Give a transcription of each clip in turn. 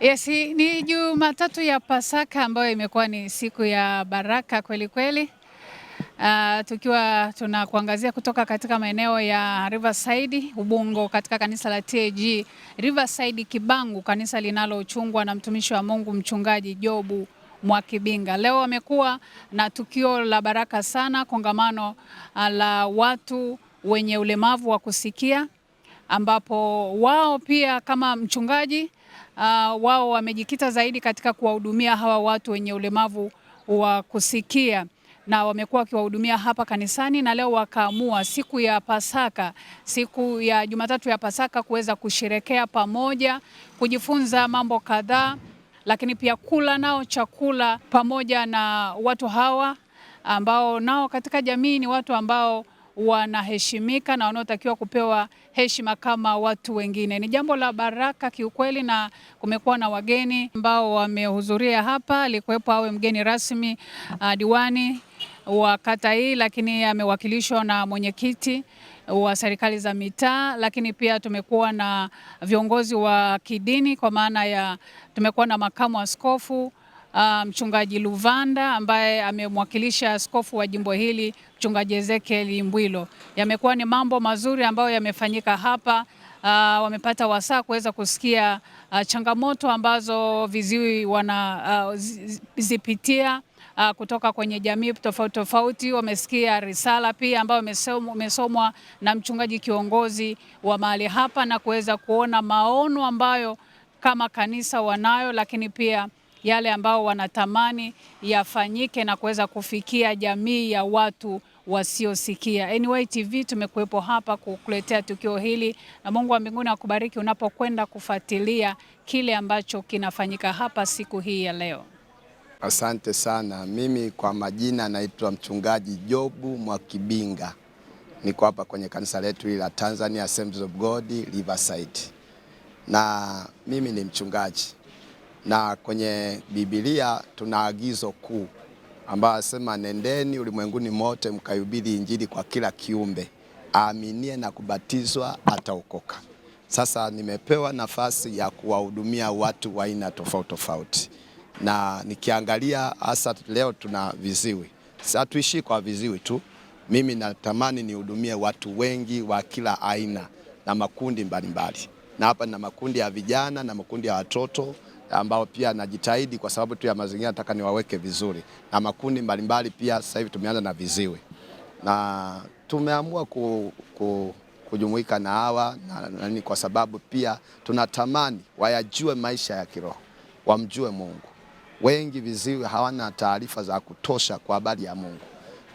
Yes, ni Jumatatu ya Pasaka ambayo imekuwa ni siku ya baraka kweli kweli. Uh, tukiwa tunakuangazia kutoka katika maeneo ya Riverside Ubungo, katika kanisa la TAG Riverside Kibangu, kanisa linalochungwa na mtumishi wa Mungu mchungaji Jobu Mwakibinga. Leo amekuwa na tukio la baraka sana, kongamano ah, la watu wenye ulemavu wa kusikia ambapo wao pia kama mchungaji uh, wao wamejikita zaidi katika kuwahudumia hawa watu wenye ulemavu wa kusikia na wamekuwa wakiwahudumia hapa kanisani, na leo wakaamua siku ya Pasaka, siku ya Jumatatu ya Pasaka kuweza kusherekea pamoja, kujifunza mambo kadhaa, lakini pia kula nao chakula pamoja na watu hawa ambao nao katika jamii ni watu ambao wanaheshimika na wanaotakiwa kupewa heshima kama watu wengine. Ni jambo la baraka kiukweli, na kumekuwa na wageni ambao wamehudhuria hapa. Alikuwepo awe mgeni rasmi uh, diwani wa kata hii, lakini amewakilishwa na mwenyekiti wa serikali za mitaa, lakini pia tumekuwa na viongozi wa kidini kwa maana ya tumekuwa na makamu askofu uh, mchungaji Luvanda ambaye amemwakilisha askofu wa jimbo hili mchungaji Ezekiel Mbwilo. Yamekuwa ni mambo mazuri ambayo yamefanyika hapa. Uh, wamepata wasaa kuweza kusikia uh, changamoto ambazo viziwi wana uh, zipitia uh, kutoka kwenye jamii tofauti tofauti. Wamesikia risala pia ambayo imesomwa na mchungaji kiongozi wa mahali hapa na kuweza kuona maono ambayo kama kanisa wanayo, lakini pia yale ambao wanatamani yafanyike na kuweza kufikia jamii ya watu wasiosikia. Anyway TV tumekuwepo hapa kukuletea tukio hili, na Mungu wa mbinguni akubariki unapokwenda kufuatilia kile ambacho kinafanyika hapa siku hii ya leo. Asante sana. Mimi kwa majina naitwa mchungaji Jobu Mwakibinga, niko hapa kwenye kanisa letu hili la Tanzania Assemblies of God Riverside, na mimi ni mchungaji na kwenye Biblia tuna agizo kuu ambayo asema, nendeni ulimwenguni mote mkaihubiri Injili kwa kila kiumbe, aaminie na kubatizwa ataokoka. Sasa nimepewa nafasi ya kuwahudumia watu wa aina tofauti tofauti, na nikiangalia hasa leo tuna viziwi, hatuishii kwa viziwi tu. Mimi natamani nihudumie watu wengi wa kila aina na makundi mbalimbali, na hapa na makundi ya vijana na makundi ya watoto ambao pia najitahidi kwa sababu tu ya mazingira nataka niwaweke vizuri, na makundi mbalimbali pia. Sasa hivi tumeanza na viziwi na tumeamua ku, ku, kujumuika na hawa na, na, kwa sababu pia tunatamani wayajue maisha ya kiroho, wamjue Mungu. Wengi viziwi hawana taarifa za kutosha kwa habari ya Mungu.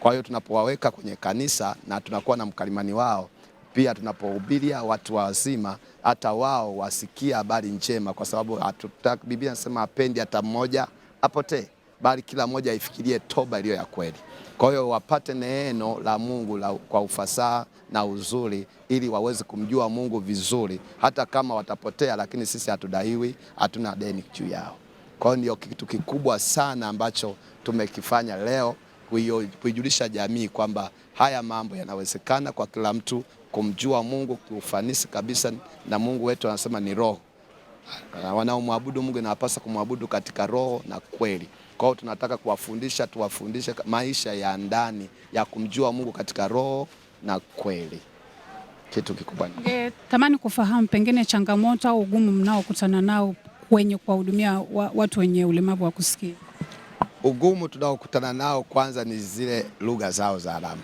Kwa hiyo tunapowaweka kwenye kanisa na tunakuwa na mkalimani wao pia tunapohubiria watu wazima, hata wao wasikia habari njema, kwa sababu Biblia inasema apendi hata mmoja apotee, bali kila mmoja aifikirie toba iliyo ya kweli. Kwa hiyo wapate neno la Mungu la, kwa ufasaha na uzuri, ili waweze kumjua Mungu vizuri. Hata kama watapotea, lakini sisi hatudaiwi, hatuna deni juu yao. Kwa hiyo ndio kitu kikubwa sana ambacho tumekifanya leo, kuijulisha jamii kwamba haya mambo yanawezekana kwa kila mtu kumjua Mungu kiufanisi kabisa, na Mungu wetu anasema ni roho. Wanaomwabudu Mungu inawapasa kumwabudu katika roho na kweli. Kwa hiyo tunataka kuwafundisha, tuwafundishe maisha ya ndani ya kumjua Mungu katika roho na kweli. Kitu kikubwa tamani kufahamu, pengine changamoto au ugumu mnaokutana nao kwenye kuwahudumia watu wenye ulemavu wa kusikia. Ugumu tunaokutana nao kwanza ni zile lugha zao za alama.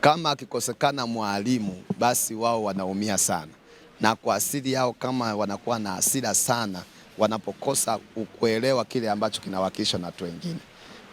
Kama akikosekana mwalimu, basi wao wanaumia sana, na kwa asili yao kama wanakuwa na hasira sana wanapokosa kuelewa kile ambacho kinawakilishwa na watu wengine.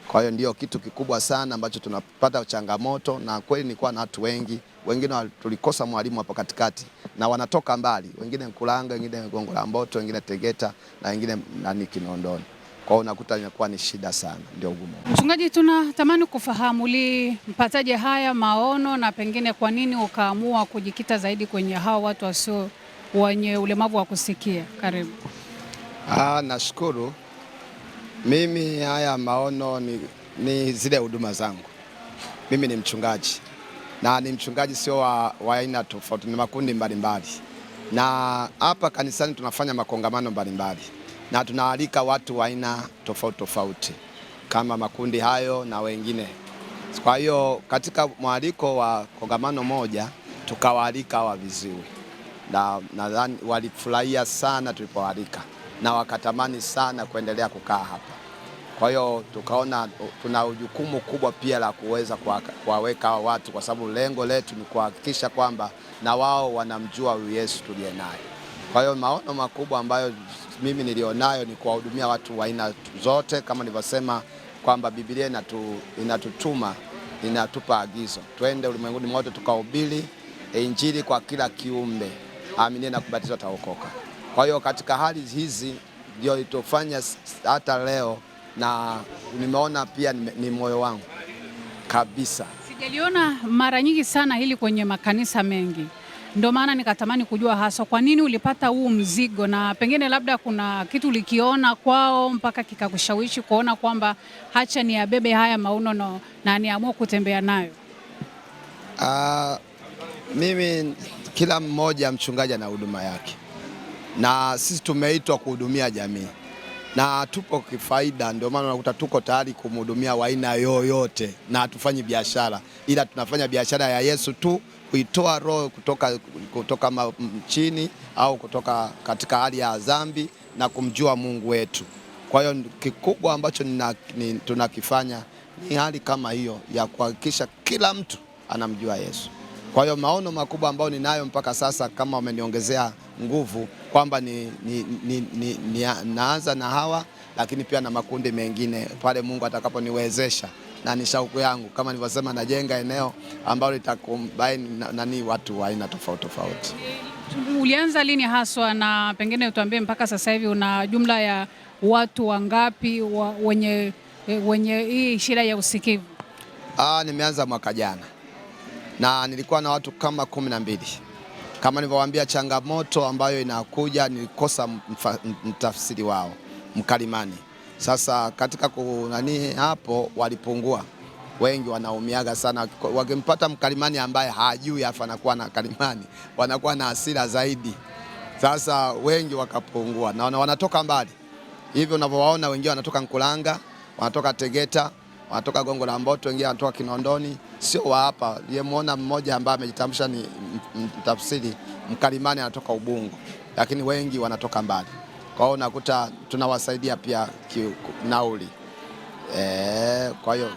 Kwa hiyo ndio kitu kikubwa sana ambacho tunapata changamoto, na kweli nilikuwa na watu wengi, wengine tulikosa mwalimu hapo katikati, na wanatoka mbali, wengine Mkuranga, wengine Gongo la Mboto, wengine Tegeta na wengine nani Kinondoni. Kwa hiyo unakuta imekuwa ni shida sana, ndio ugumu. Mchungaji, tunatamani kufahamu ulimpataje haya maono na pengine kwa nini ukaamua kujikita zaidi kwenye hao watu wasio wenye ulemavu wa kusikia? Karibu. Ah, nashukuru. Mimi haya maono ni, ni zile huduma zangu. Mimi ni mchungaji na ni mchungaji sio wa aina tofauti, ni makundi mbalimbali, na hapa kanisani tunafanya makongamano mbalimbali mbali na tunaalika watu wa aina tofauti tofauti kama makundi hayo na wengine. Kwa hiyo katika mwaliko wa kongamano moja tukawaalika hawa viziwi, na nadhani walifurahia sana tulipowaalika na wakatamani sana kuendelea kukaa hapa. Kwa hiyo tukaona tuna jukumu kubwa pia la kuweza kuwaweka hawa watu, kwa sababu lengo letu ni kuhakikisha kwamba na wao wanamjua Yesu tuliye naye. Kwa hiyo maono makubwa ambayo mimi nilionayo ni kuwahudumia watu wa aina zote, kama nilivyosema kwamba Biblia inatu, inatutuma inatupa agizo twende ulimwenguni mote tukahubiri injili kwa kila kiumbe, aminie na kubatizwa taokoka Kwa hiyo katika hali hizi ndio itofanya hata leo, na nimeona pia ni moyo wangu kabisa, sijaliona mara nyingi sana hili kwenye makanisa mengi ndio maana nikatamani kujua hasa kwa nini ulipata huu mzigo, na pengine labda kuna kitu ulikiona kwao mpaka kikakushawishi kuona kwamba hacha ni abebe haya no, na niamua kutembea nayo. Uh, mimi kila mmoja mchungaji na huduma yake, na sisi tumeitwa kuhudumia jamii na tupo kifaida, ndio maana unakuta tuko tayari kumhudumia wa aina yoyote, na hatufanyi biashara, ila tunafanya biashara ya Yesu tu kuitoa roho kutoka, kutoka chini au kutoka katika hali ya dhambi na kumjua Mungu wetu. Kwa hiyo kikubwa ambacho ni, tunakifanya ni hali kama hiyo ya kuhakikisha kila mtu anamjua Yesu. Kwa hiyo maono makubwa ambayo ninayo mpaka sasa, kama wameniongezea nguvu kwamba ni, ni, ni, ni, ni, naanza na hawa, lakini pia na makundi mengine pale Mungu atakaponiwezesha na ni shauku yangu, kama nilivyosema, najenga eneo ambalo litakombaini nani watu wa aina tofauti tofauti. Ulianza lini haswa, na pengine utuambie mpaka sasa hivi una jumla ya watu wangapi wa, wenye wenye hii shida ya usikivu? Ah, nimeanza mwaka jana na nilikuwa na watu kama kumi na mbili. Kama nilivyowaambia, changamoto ambayo inakuja nilikosa mtafsiri wao mkalimani sasa katika kunani hapo walipungua wengi wanaumiaga sana wakimpata mkalimani ambaye hajui afa anakuwa na kalimani, wanakuwa na hasira zaidi. Sasa wengi wakapungua na wanatoka mbali hivyo unavyowaona, wengine wanatoka Nkulanga, wanatoka Tegeta, wanatoka Gongo la Mboto, wengine wanatoka Kinondoni, sio wa hapa. Yemuona mmoja ambaye amejitambulisha ni mtafsiri mkalimani, anatoka Ubungo, lakini wengi wanatoka mbali. Kwa hiyo unakuta tunawasaidia pia nauli e, eh, kwa hiyo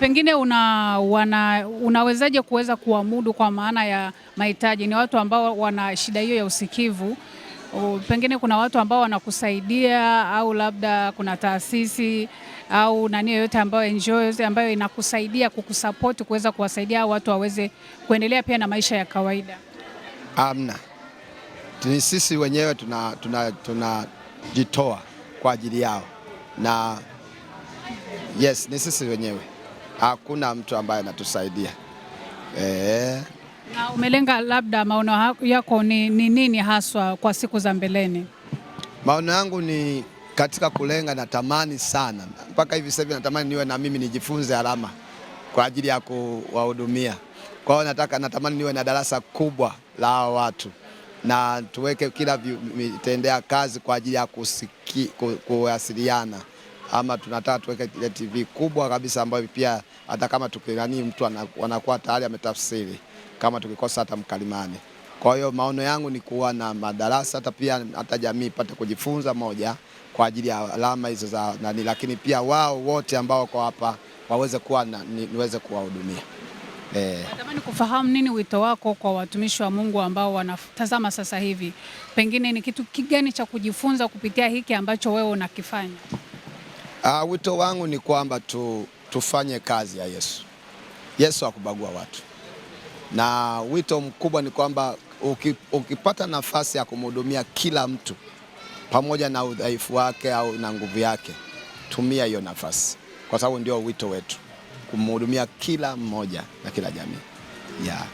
pengine una, wana, unawezaje kuweza kuamudu kwa maana ya mahitaji? Ni watu ambao wana shida hiyo ya usikivu o, pengine kuna watu ambao wanakusaidia au labda kuna taasisi au nani yoyote ambayo NGO ambayo inakusaidia kukusapoti kuweza kuwasaidia watu waweze kuendelea pia na maisha ya kawaida? Amna sisi wenyewe tunajitoa tuna, tuna kwa ajili yao na yes, ni sisi wenyewe, hakuna mtu ambaye anatusaidia e. Na umelenga labda maono yako ni, ni nini haswa kwa siku za mbeleni? Maono yangu ni katika kulenga, natamani sana mpaka hivi sasa natamani niwe na mimi nijifunze alama kwa ajili ya kuwahudumia kwao, nataka natamani niwe na darasa kubwa la watu na tuweke kila vitendea kazi kwa ajili ya kuwasiliana ama tunataka tuweke ile TV kubwa kabisa ambayo pia hata kama tukinani mtu anakuwa tayari ametafsiri kama tukikosa hata mkalimani. Kwa hiyo maono yangu ni kuwa na madarasa hata pia hata jamii ipate kujifunza moja kwa ajili ya alama hizo za nani, lakini pia wao wote ambao wako hapa waweze kuwa niweze kuwahudumia. Eh. Natamani kufahamu nini wito wako kwa watumishi wa Mungu ambao wanatazama sasa hivi, pengine ni kitu kigani cha kujifunza kupitia hiki ambacho wewe unakifanya? Ah, wito wangu ni kwamba tu, tufanye kazi ya Yesu. Yesu hakubagua watu, na wito mkubwa ni kwamba ukipata nafasi ya kumhudumia kila mtu pamoja na udhaifu wake au na nguvu yake, tumia hiyo nafasi, kwa sababu ndio wito wetu kumhudumia kila mmoja na kila jamii yeah,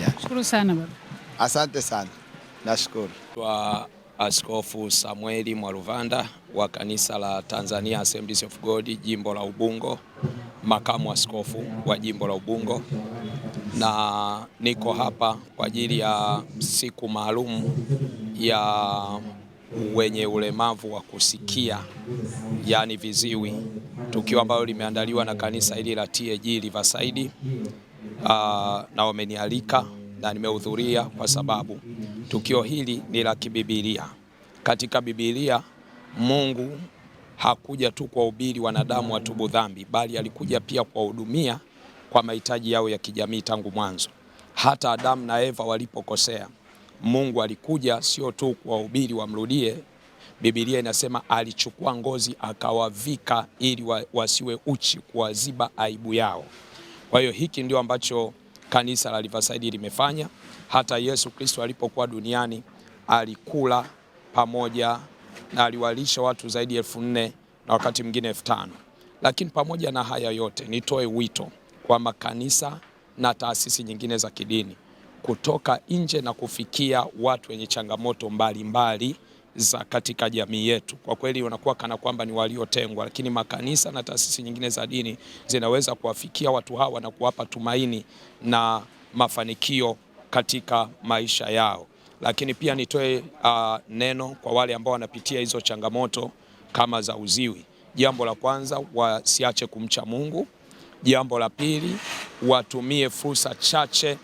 yeah. Shukuru sana baba. Asante sana nashukuru. Kwa Askofu Samueli mwaruvanda wa kanisa la Tanzania Assemblies of God jimbo la Ubungo, makamu askofu wa jimbo la Ubungo, na niko hapa kwa ajili ya siku maalum ya wenye ulemavu wa kusikia yani viziwi, tukio ambalo limeandaliwa na kanisa hili la TAG Riverside, ah, na wamenialika na nimehudhuria kwa sababu tukio hili ni la kibibilia. Katika Bibilia Mungu hakuja tu kwa ubiri wanadamu watubu dhambi, bali alikuja pia kuwahudumia kwa mahitaji yao ya kijamii tangu mwanzo. Hata Adamu na Eva walipokosea Mungu alikuja sio tu kuwahubiri wamrudie. Biblia inasema alichukua ngozi akawavika ili wasiwe uchi, kuwaziba aibu yao. Kwa hiyo hiki ndio ambacho kanisa la Riverside limefanya. Hata Yesu Kristo alipokuwa duniani alikula pamoja na aliwalisha watu zaidi ya elfu nne na wakati mwingine elfu tano. Lakini pamoja na haya yote, nitoe wito kwa makanisa na taasisi nyingine za kidini kutoka nje na kufikia watu wenye changamoto mbalimbali mbali za katika jamii yetu. Kwa kweli wanakuwa kana kwamba ni waliotengwa, lakini makanisa na taasisi nyingine za dini zinaweza kuwafikia watu hawa na kuwapa tumaini na mafanikio katika maisha yao. Lakini pia nitoe uh, neno kwa wale ambao wanapitia hizo changamoto kama za uziwi. Jambo la kwanza, wasiache kumcha Mungu. Jambo la pili, watumie fursa chache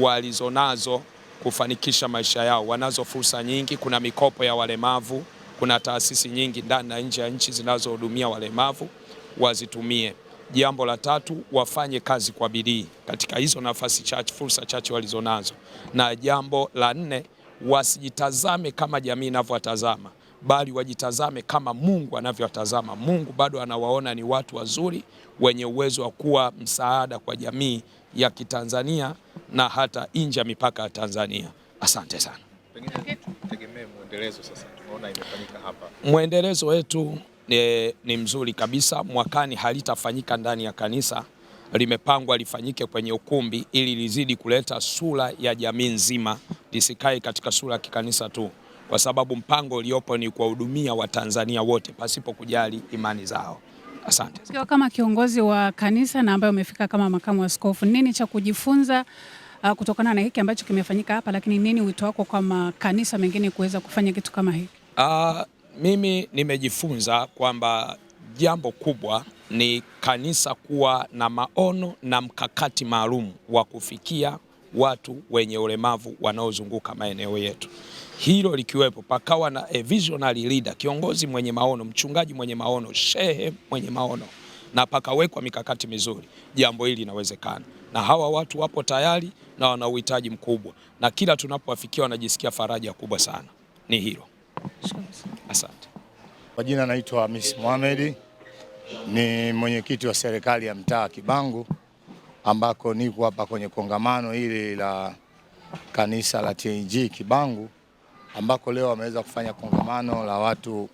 walizonazo kufanikisha maisha yao. Wanazo fursa nyingi, kuna mikopo ya walemavu, kuna taasisi nyingi ndani na nje ya nchi zinazohudumia walemavu, wazitumie. Jambo la tatu, wafanye kazi kwa bidii katika hizo nafasi chache, fursa chache walizonazo. Na jambo la nne, wasijitazame kama jamii inavyowatazama bali wajitazame kama Mungu anavyowatazama. Mungu bado anawaona ni watu wazuri wenye uwezo wa kuwa msaada kwa jamii ya Kitanzania na hata nje ya mipaka ya Tanzania. Asante sana. mwendelezo Mwendelezo wetu ni, ni mzuri kabisa. Mwakani halitafanyika ndani ya kanisa, limepangwa lifanyike kwenye ukumbi ili lizidi kuleta sura ya jamii nzima, lisikae katika sura ya kikanisa tu, kwa sababu mpango uliopo ni kuwahudumia Watanzania wote pasipo kujali imani zao. Asante. Ukiwa kama kiongozi wa kanisa na ambaye umefika kama makamu wa askofu, nini cha kujifunza uh, kutokana na hiki ambacho kimefanyika hapa, lakini nini wito wako kwa makanisa mengine kuweza kufanya kitu kama hiki? Uh, mimi nimejifunza kwamba jambo kubwa ni kanisa kuwa na maono na mkakati maalum wa kufikia watu wenye ulemavu wanaozunguka maeneo yetu. Hilo likiwepo, pakawa na a visionary leader, kiongozi mwenye maono, mchungaji mwenye maono, shehe mwenye maono, na pakawekwa mikakati mizuri, jambo hili linawezekana, na hawa watu wapo tayari na wana uhitaji mkubwa, na kila tunapowafikia wanajisikia faraja kubwa sana. Ni hilo, asante. Kwa jina naitwa Hamis Mohamed, ni mwenyekiti wa serikali ya mtaa Kibangu ambako niko hapa kwenye kongamano hili la kanisa la TNG Kibangu, ambako leo wameweza kufanya kongamano la watu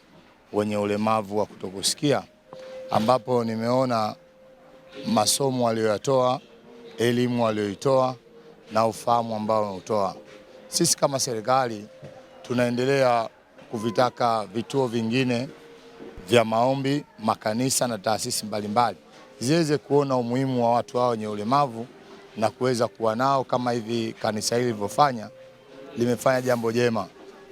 wenye ulemavu wa kutokusikia, ambapo nimeona masomo waliyoyatoa, elimu waliyoitoa na ufahamu ambao wanautoa. Sisi kama serikali tunaendelea kuvitaka vituo vingine vya maombi, makanisa na taasisi mbalimbali mbali ziweze kuona umuhimu wa watu hao wenye ulemavu na kuweza kuwa nao kama hivi kanisa hili lilivyofanya, limefanya jambo jema.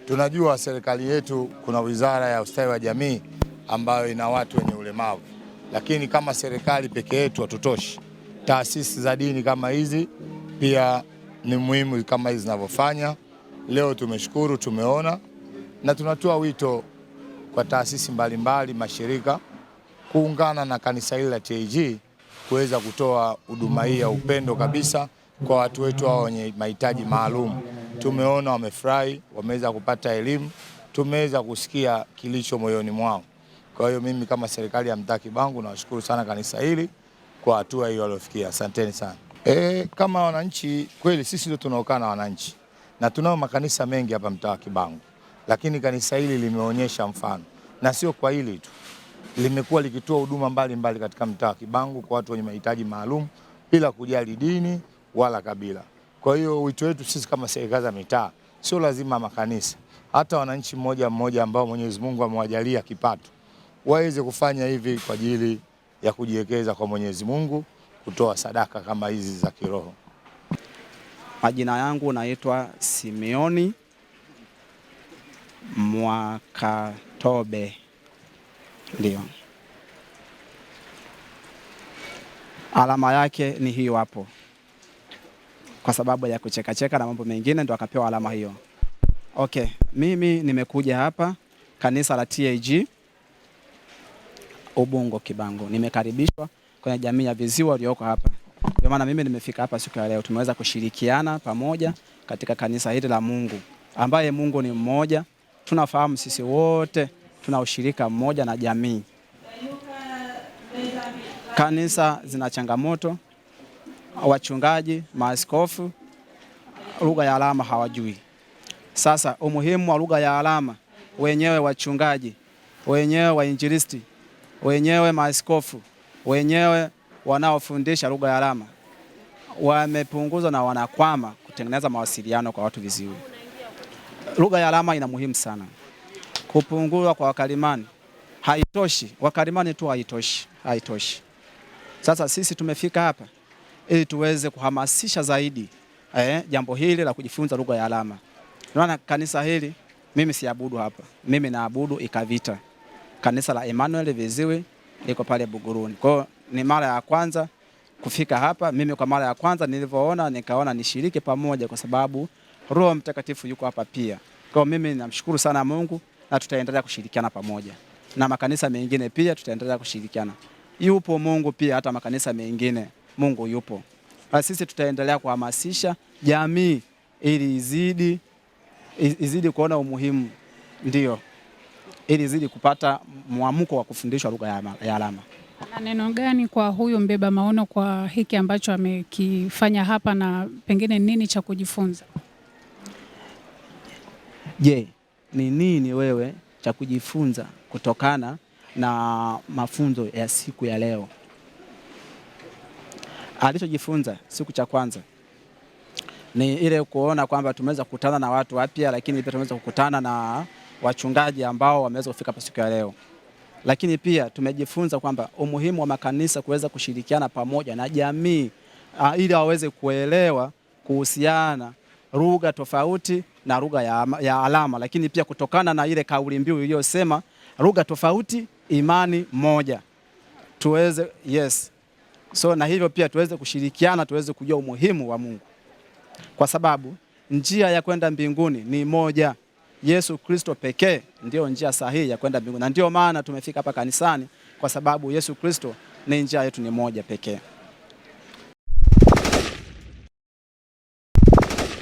Tunajua serikali yetu kuna wizara ya ustawi wa jamii ambayo ina watu wenye ulemavu, lakini kama serikali peke yetu hatutoshi. Taasisi za dini kama hizi pia ni muhimu kama hizi zinavyofanya. Leo tumeshukuru, tumeona na tunatoa wito kwa taasisi mbalimbali, mashirika kuungana na kanisa hili la TAG kuweza kutoa huduma hii ya upendo kabisa kwa watu wetu hao wenye mahitaji maalum. Tumeona wamefurahi, wameweza kupata elimu, tumeweza kusikia kilicho moyoni mwao. Kwa hiyo mimi kama serikali ya mtaa Kibangu nawashukuru sana kanisa hili kwa hatua hiyo waliofikia. Asanteni sana. E, kama wananchi kweli sisi ndio tunaokaa na wananchi na tunao makanisa mengi hapa mtaa wa Kibangu, lakini kanisa hili limeonyesha mfano na sio kwa hili tu limekuwa likitoa huduma mbalimbali katika mtaa wa Kibangu kwa watu wenye mahitaji maalum bila kujali dini wala kabila. Kwa hiyo wito wetu sisi kama serikali za mitaa, sio lazima makanisa, hata wananchi mmoja mmoja ambao Mwenyezi Mungu amewajalia kipato waweze kufanya hivi kwa ajili ya kujiwekeza kwa Mwenyezi Mungu, kutoa sadaka kama hizi za kiroho. Majina yangu naitwa Simeoni Mwakatobe. Ndio, alama yake ni hiyo hapo, kwa sababu ya kuchekacheka na mambo mengine, ndo akapewa alama hiyo. Okay, mimi nimekuja hapa kanisa la TAG Ubungo Kibangu, nimekaribishwa kwenye jamii ya viziwa ulioko hapa. Ndio maana mimi nimefika hapa siku ya leo, tumeweza kushirikiana pamoja katika kanisa hili la Mungu ambaye Mungu ni mmoja. Tunafahamu sisi wote tuna ushirika mmoja na jamii. Kanisa zina changamoto, wachungaji, maaskofu, lugha ya alama hawajui. Sasa umuhimu wa lugha ya alama, wenyewe wachungaji, wenyewe wainjilisti, wenyewe maaskofu, wenyewe wanaofundisha lugha ya alama wamepunguzwa na wanakwama kutengeneza mawasiliano kwa watu viziwi. Lugha ya alama ina muhimu sana kupungua kwa wakalimani haitoshi, wakalimani tu haitoshi, haitoshi. Sasa sisi tumefika hapa ili tuweze kuhamasisha zaidi eh, jambo hili la kujifunza lugha ya alama. Unaona kanisa hili mimi siabudu hapa, mimi naabudu Ikavita, kanisa la Emmanuel Viziwi liko pale Buguruni. Kwa hiyo ni mara ya kwanza kufika hapa mimi, kwa mara ya kwanza nilivyoona, nikaona nishiriki pamoja, kwa sababu Roho Mtakatifu yuko hapa pia. Kwa hiyo mimi namshukuru sana Mungu na tutaendelea kushirikiana pamoja na makanisa mengine pia tutaendelea kushirikiana. Yupo Mungu pia hata makanisa mengine, Mungu yupo. Sisi tutaendelea kuhamasisha jamii ili izidi izidi kuona umuhimu, ndio ili izidi kupata mwamko wa kufundishwa lugha ya alama. Na neno gani kwa huyu mbeba maono kwa hiki ambacho amekifanya hapa, na pengine nini cha kujifunza? Je, yeah ni nini wewe cha kujifunza kutokana na mafunzo ya siku ya leo? Alichojifunza siku cha kwanza ni ile kuona kwamba tumeweza kukutana na watu wapya, lakini pia tumeweza kukutana na wachungaji ambao wameweza kufika hapa siku ya leo. Lakini pia tumejifunza kwamba umuhimu wa makanisa kuweza kushirikiana pamoja na jamii ah, ili waweze kuelewa kuhusiana lugha tofauti na lugha ya, ya alama, lakini pia kutokana na ile kauli mbiu iliyosema lugha tofauti imani moja, tuweze yes, so na hivyo pia tuweze kushirikiana, tuweze kujua umuhimu wa Mungu, kwa sababu njia ya kwenda mbinguni ni moja. Yesu Kristo pekee ndiyo njia sahihi ya kwenda mbinguni, na ndiyo maana tumefika hapa kanisani, kwa sababu Yesu Kristo ni njia yetu, ni moja pekee.